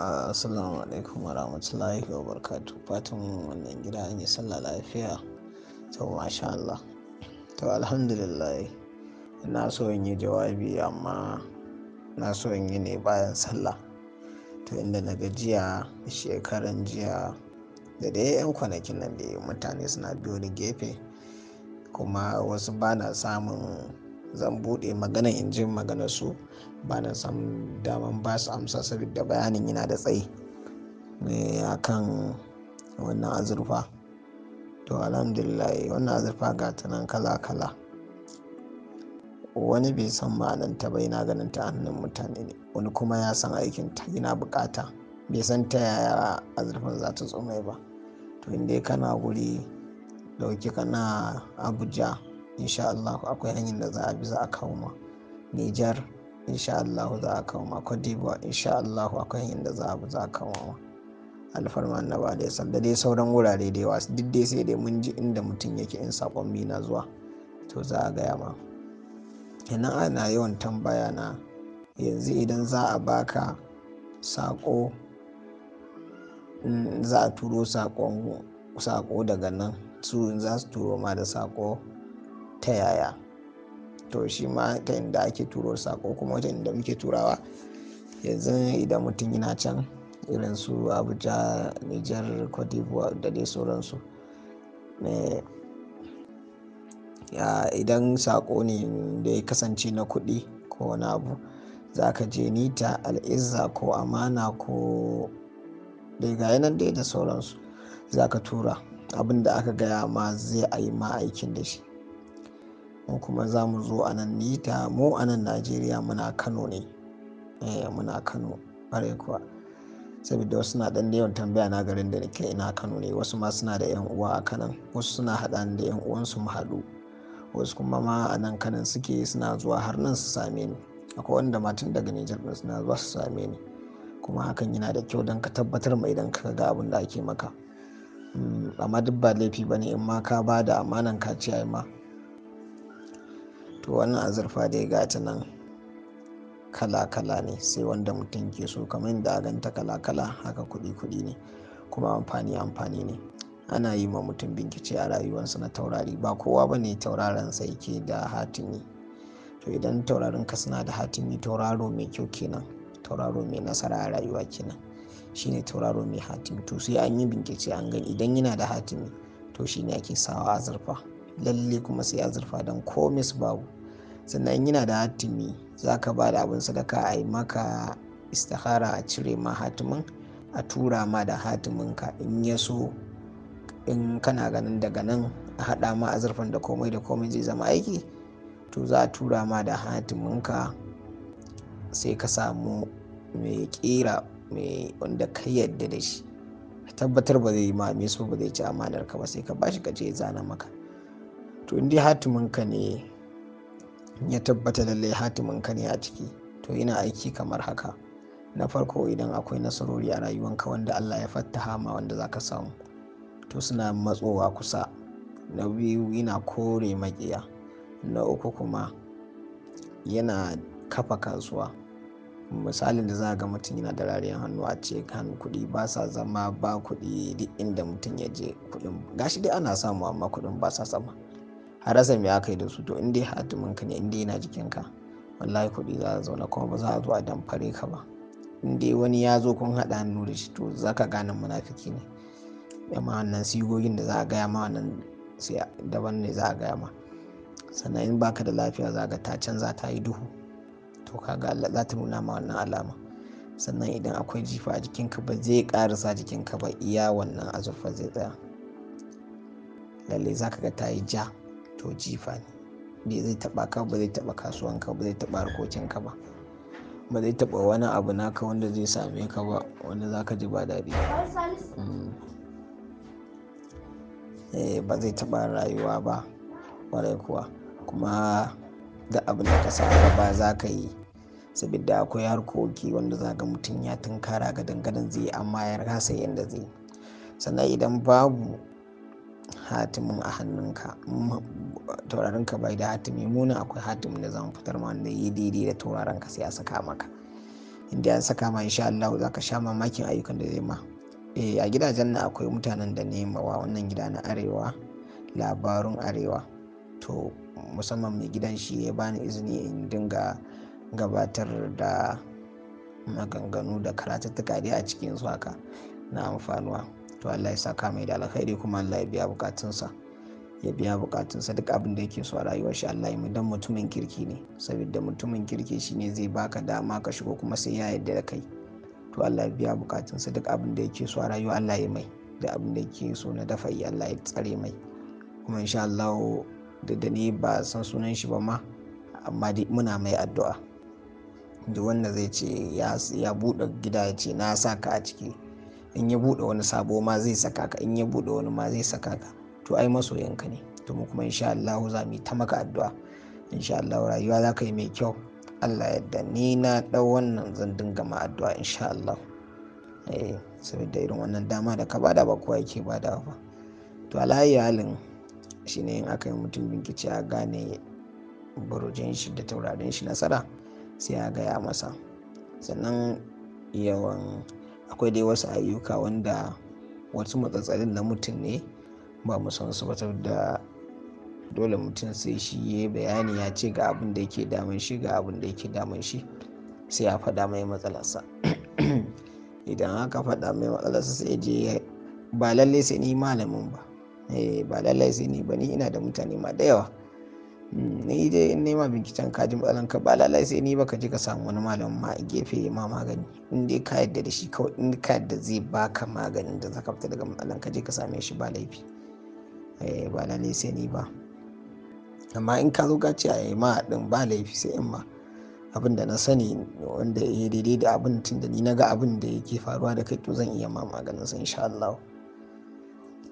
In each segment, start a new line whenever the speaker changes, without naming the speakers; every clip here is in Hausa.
Assalamu alaikum wa rahmatullahi wa barakatu. Fatan wannan gida an yi sallah lafiya. To masha Allah. To alhamdulillah. na so in yi jawabi amma na so in yi ne bayan sallah. To inda na gajiya shekaran jiya da dai 'yan kwanakin nan da mutane suna biyo ni gefe kuma wasu ba na samun zan bude magana in ji maganar su ba na san daman ba su amsa saboda bayanin yana da tsayi a kan wannan azurfa to alhamdulillah wannan azurfa ga ta nan kala-kala wani bai san ma'ananta bai na ganin ta hannun mutane ne wani kuma ya san aikin ta yana bukata bai san ta yaya azurfan za ta tsumai ba to inda kana guri dauki kana abuja insha Allah akwai hanyar da za a bi za a kawo ma Nijar insha Allah za a kawo ma Cote d'Ivoire insha Allah akwai hanyar da za a bi za a kawo ma alfarma ba da ya da dai sauran wurare da yawa duk dai sai dai mun ji inda mutum yake in sakon na zuwa to za a gaya ma kenan ana yawan tambaya na yanzu idan za a baka sako za a turo sako daga nan su za su turo ma da sako ta yaya to shi ma ta inda ake turo sako kuma ta inda muke turawa yanzu idan mutum yana can irin su abuja niger cote da dai sauransu idan sako ne da ya kasance na kuɗi ko wani abu za ka je nita al'izza ko amana ko dai ga yanar dai da sauransu za ka tura abin da aka gaya ma zai a yi ma aikin da shi mu kuma za mu zo a nan nita mu a nan najeriya muna kano ne eh, muna kano ƙwarai kuwa saboda wasu na dan yawan tambaya na garin da nake ina kano ne wasu ma suna da yan uwa a kanan wasu suna haɗa da yan uwansu mu haɗu wasu kuma ma a nan kanan suke suna zuwa har nan su same ni akwai wanda matan daga nijar ɗin suna zuwa su same ni kuma hakan yana da kyau don ka tabbatar mai idan ka ga abin da ake maka hmm, amma duk ba laifi ba ne in ma ka ba da amanan ka ciyayi ma to wannan azurfa dai ga ta nan kala-kala ne sai wanda mutum ke so kamar a ganta kala-kala haka kuɗi-kuɗi ne kuma amfani-amfani ne ana yi ma mutum bincike a rayuwarsa na taurari ba kowa ba ne sai yake da hatimi to idan taurarin ka suna da hatimi tauraro mai kyau kenan tauraro mai nasara a rayuwa kenan shine tauraro mai hatimi to sai an yi bincike an gani idan yana da hatimi to shine ake sawa azurfa lalle kuma sai azurfa don komis babu sannan yana da hatimi za ka ba da abin sadaka a yi maka istihara a cire ma hatimin a tura ma da hatimin in ya so in kana ganin daga nan a haɗa ma azurfan da komai da komai zai zama aiki to za a tura ma da hatimin ka sai ka samu mai kera mai wanda ka yadda da shi tabbatar ba zai yi ma me so ba zai ci amanar ka ba sai ka bashi ka je zana maka to in dai hatimin ka ne ya tabbata lallai hatimin ka ne a ciki to ina aiki kamar haka na farko idan akwai nasarori a rayuwanka wanda Allah ya fattaha ma wanda ka samu to suna matsowa kusa na biyu ina kore maƙiya na uku kuma yana kafa kasuwa misalin da za ga mutum yana da rariyar hannu a ce hannu kuɗi ba sa zama ba kuɗi duk inda mutum ya je kuɗin gashi dai ana samu amma kuɗin ba sa sama har rasa me aka yi da su to in dai hatimin ka ne in dai yana ka wallahi kuɗi za a zauna kuma ba za a zo a damfare ka ba in dai wani ya zo kun haɗa hannu da shi to za ka gane munafiki ne yamma wannan sigogin da za a gaya ma wannan sai daban ne za a gaya ma sannan in baka da lafiya za ga ta canza ta yi duhu to kaga Allah za ta nuna ma wannan alama sannan idan akwai jifa a jikinka ba zai karasa jikinka ba iya wannan azurfa zai tsaya lalle za ka ga ta yi ja to jifa ne bai zai taba ka ba zai taba kasuwanka ba zai taba harkokinka ba ba zai taba wani abu naka wanda zai same ka ba wanda za ka ji ba daɗi ba mm. eh, zai taba rayuwa ba kwarai kuwa kuma da abin da ka sa ba za ka yi saboda akwai harkoki wanda za ga mutum ya tunkara ga dangadan zai amma ya rasa yadda zai sannan idan babu hatimin a hannunka taurarin ka bai da hatimi muna akwai hatimin da zan fitar ma wanda yi daidai da tauraron ka sai a saka maka inda an saka ma insha Allah za ka sha mamakin ayyukan da zai ma eh, a gidajen nan akwai mutanen da nema wa wannan gida na arewa labarun arewa to musamman mai gidan shi ya bani izini in dinga gabatar da maganganu da karatattuka dai a cikin su haka na amfanuwa to Allah ya saka mai da alkhairi kuma Allah ya biya bukatunsa ya biya bukatunsa duk abin da yake so a rayuwar shi Allah ya mu dan mutumin kirki ne saboda mutumin kirki shine zai baka dama ka shigo kuma sai ya yarda da kai to Allah ya biya bukatunsa duk abin da yake so a rayuwa Allah ya mai da abin da yake so na dafa yi Allah ya tsare mai kuma insha Allah da da ni ba san sunan shi ba ma amma dai muna mai addu'a da wanda zai ce ya buɗe gida ya ce na sa ka a ciki in ya buɗe wani sabo ma zai saka ka in ya buɗe wani ma zai saka ka to ai masoyanka ne to mu kuma insha Allah za mu ta maka addu'a insha Allah rayuwa za ka yi mai kyau Allah yadda ni na ɗau wannan zan dinga ma addu'a insha Allah eh saboda irin wannan dama da ka bada ba kowa yake bada ba to alayi halin shine in aka yi mutum binkici a gane burujin shi da taurarin shi nasara sai a gaya masa sannan yawan akwai dai wasu ayyuka wanda wasu matsatsalin na mutum ne ba mu san su batar da dole mutum sai shi ya bayani ya ce ga abin da yake damun shi ga abin da yake damun shi sai ya faɗa mai matsalarsa idan aka faɗa mai matsalarsa sai je ba lallai sai ni malamin ba eh, ba lallai sai ni ba ni ina da mutane ma da yawa ni dai in nema binciken kaji ji ka ba lalai sai ni baka je ka samu wani malamin ma a gefe ma magani in dai ka yadda da shi kawai in ka yadda zai baka maganin da zaka fita daga matsalan ka je ka same shi ba laifi eh, ba lalai sai ni ba amma in ka zo ka ce a ma din ba laifi sai in ma abin da na sani wanda ya daidai da abin tun da ni na ga abin da yake faruwa da kai to zan iya ma maganin sa insha Allah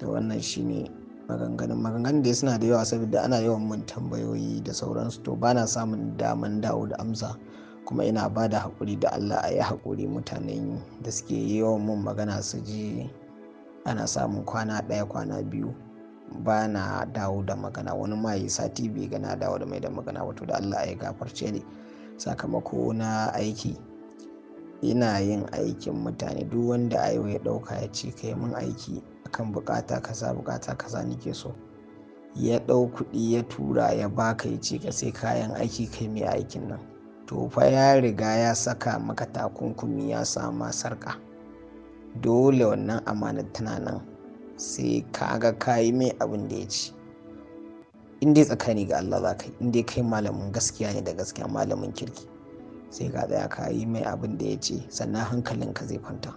to wannan shine maganganun maganganun da suna da yawa saboda ana yawan mun tambayoyi da sauransu to bana samun daman dawo da amsa kuma ina ba da haƙuri da Allah a yi haƙuri mutanen da suke yawan mun magana su ji ana samun kwana ɗaya kwana biyu ba na dawo da magana wani ma yi sati bai gana dawo da mai da magana wato da Allah ya gafarce ne sakamako na aiki ina yin aikin mutane duk wanda ayo ya ɗauka ya ce kai mun aiki akan bukata kaza bukata kaza nake so ya ɗau kuɗi ya tura ya baka ya ce ka sai kayan aiki kai mai aikin nan to fa ya riga ya saka maka takunkumi ya sama sarka dole wannan amana tana nan sai ka ka kayi mai abin da ya ci in tsakani ga Allah za ka yi in kai malamin gaskiya ne da gaskiya malamin kirki sai ka tsaya ka yi mai abin da ya ce sannan hankalinka zai kwanta.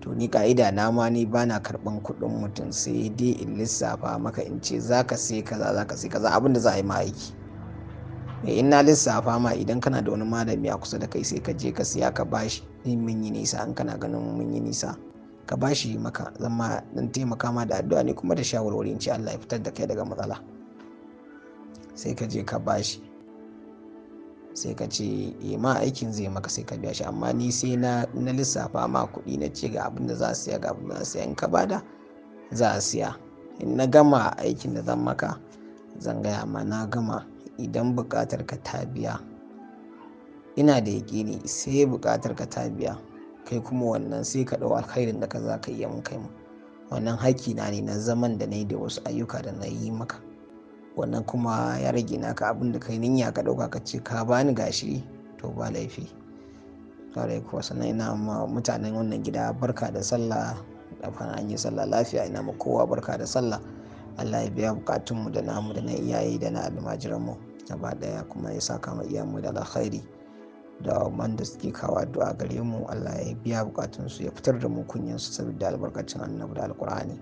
to ni ka'ida na ma ni bana karɓan kuɗin mutum sai dai in lissafa maka in ce za ka sai kaza za ka sai kaza abin da za a yi ma aiki eh, in na lissafa ma idan kana da wani malami a kusa da kai sai ka je ka siya ka bashi ni mun yi nisa in kana ganin mun yi nisa ka bashi maka zama dan taimaka ma da addu'a ne kuma da shawarwari in ce Allah ya fitar da kai daga matsala sai ka je ka bashi sai ka ce e ma aikin zai maka sai ka biya shi amma ni sai na lissafa ma kuɗi na ce ga abin da za a siya ga abin da za a siya in ka bada za a siya in na gama aikin da zan maka zan gaya ma na gama idan buƙatar ka ta biya ina da yaƙini sai buƙatar ka ta biya kai kuma wannan sai ka ɗau alkhairin da ka za ka iya mun kai mu wannan haƙƙi na ne na zaman da na yi da wasu ayyuka da na yi maka wannan kuma ya rage naka abin da kai ninya ka ɗauka ka ce ka bani gashi to ba laifi kare kuwa sannan ina ma mutanen wannan gida barka da sallah da fara an yi sallah lafiya ina ma kowa barka da sallah Allah ya biya bukatunmu da namu da na iyaye da na almajiranmu gaba daya kuma ya saka mu iyamu da alkhairi da man da suke kawa addu'a gare mu Allah ya biya bukatunsu ya fitar da mu kunyan su saboda albarkacin annabi da alkur'ani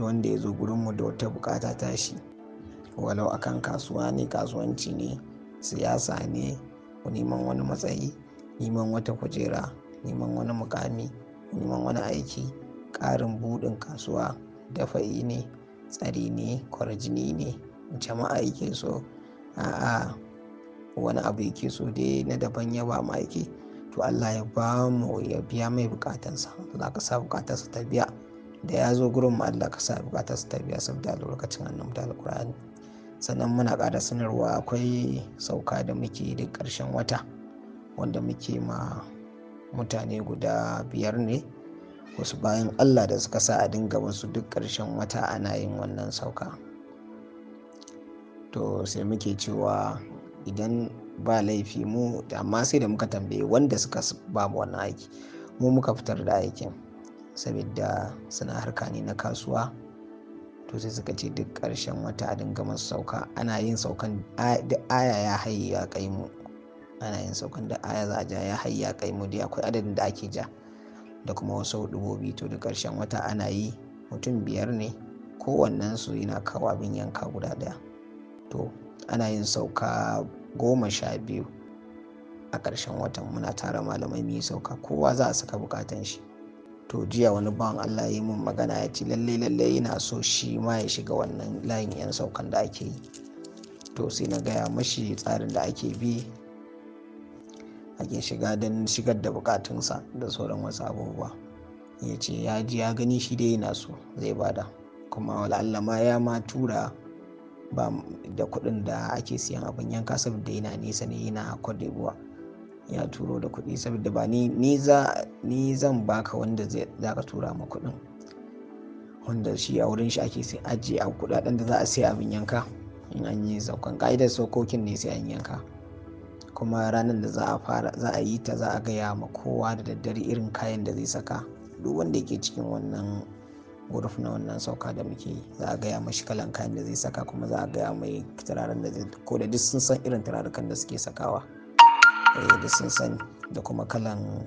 wanda ya zo mu da wata bukata tashi walau akan kasuwa ne kasuwanci ne siyasa ne neman wani matsayi neman wata kujera neman wani mukami neman wani aiki ƙarin buɗin kasuwa dafa'i ne tsari ne kwarjini ne jama'a yake so a'a wani abu yake so dai na daban ya ba aiki to Allah ya ba mu ya biya mai bukatansa za ka sa bukatarsa ta biya da ya zo gurin mu Allah ka sa bukatarsa ta biya saboda lokacin annabi da alƙur'ani sannan muna ƙara sanarwa akwai sauka da muke duk ƙarshen wata wanda muke ma mutane guda biyar ne wasu bayan allah da suka sa a dinga wasu duk ƙarshen wata ana yin wannan sauka to sai muke cewa idan ba laifi mu amma sai da muka tambaye wanda suka ba mu aiki mu muka fitar da aikin saboda suna harka ne na kasuwa to sai suka ce duk ƙarshen wata a dinga masu sauka ana yin saukan da aya ya hayi ya kai mu ana yin saukan da aya za a ja ya hayi ya kai mu dai akwai adadin da ake ja da kuma wasu dubobi to da ƙarshen wata ana yi mutum biyar ne kowannen su yana kawo abin yanka guda daya to ana yin sauka goma sha biyu a ƙarshen watan muna tara malamai mu sauka kowa za a saka bukatan shi to jiya wani bawan Allah ya yi mun magana ya ce lalle lalle yana so shi ma ya shiga wannan layin yan saukan da ake yi to sai na gaya mashi tsarin da ake bi ake shiga don shigar da bukatunsa da sauran wasu abubuwa ya ce ya ji ya gani shi dai yana so zai bada kuma wala'alla ma ya ma tura ba da kuɗin da ake siyan abin yanka saboda yana nisa ne yana kwadebuwa ya turo da kuɗi saboda ba ni ni za ni zan baka wanda za ka tura ma kuɗin wanda shi a wurin shi ake sai ajiye a kuɗaɗen da za a sai abin yanka in an yi saukan ka'idar saukokin ne sai an yanka kuma ranar da za a za yi ta za a gaya ma kowa da daddare irin kayan da zai saka duk wanda yake cikin wannan guruf na wannan sauka da muke za a gaya mashi kalan kayan da zai saka kuma za a gaya mai turaren da zai ko da duk sun san irin turarukan da suke sakawa Eh, da sun sani da kuma kalan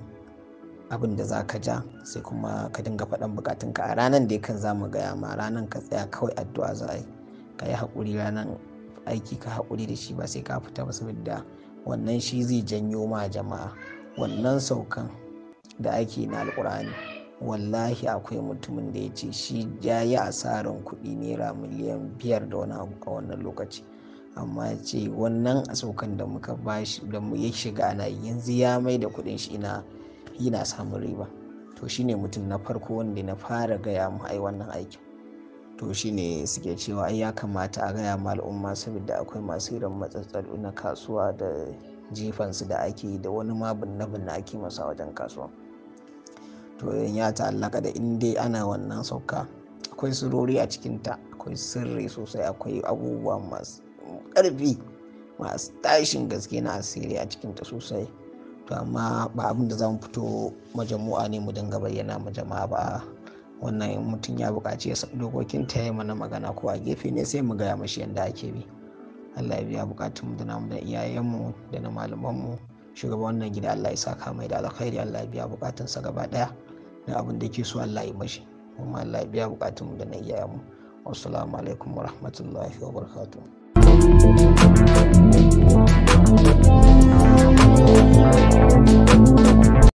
abin da za ka ja sai kuma ka dinga faɗan bukatunka a ranar da yakan za mu gaya ma ranar ka tsaya kawai addu'a za a yi ka yi haƙuri ranar aiki ka haƙuri da shi ba sai ka fita ba saboda wannan shi zai janyo ma jama'a wannan saukan da ake na alƙur'ani wallahi akwai mutumin da ya ce shi ya yi asarar kuɗi naira miliyan biyar da wani abu a wannan lokaci amma ya ce wannan a saukan da muka shi da ya shiga ana yanzu ya mai da kuɗin shi ina yana samun riba to shine mutum na farko wanda na fara gaya mu ai wannan aikin to shine suke cewa ai ya kamata a gaya ma al'umma saboda akwai masu irin matsatsalu na kasuwa da jifansu da ake da wani ma na binna ake masa wajen kasuwa to ya ta'allaka da in dai ana wannan sauka akwai sirori a cikinta akwai sirri sosai akwai abubuwa masu ƙarfi masu tashin gaske na asiri a cikin ta sosai to amma ba abin da za mu fito majamu'a ne mu dinga bayyana ma jama'a ba wannan mutum ya buƙaci ya sabu dokokin ta yi mana magana ko a gefe ne sai mu gaya mashi yadda ake bi Allah ya biya buƙatun mu da namu da iyayenmu da na malamanmu shugaban wannan gida Allah ya saka mai da alkhairi Allah ya biya sa gaba ɗaya da abin da ke so Allah ya mashi kuma Allah ya biya buƙatun mu da na iyayenmu wassalamu alaikum warahmatullahi wabarakatuh Thank you.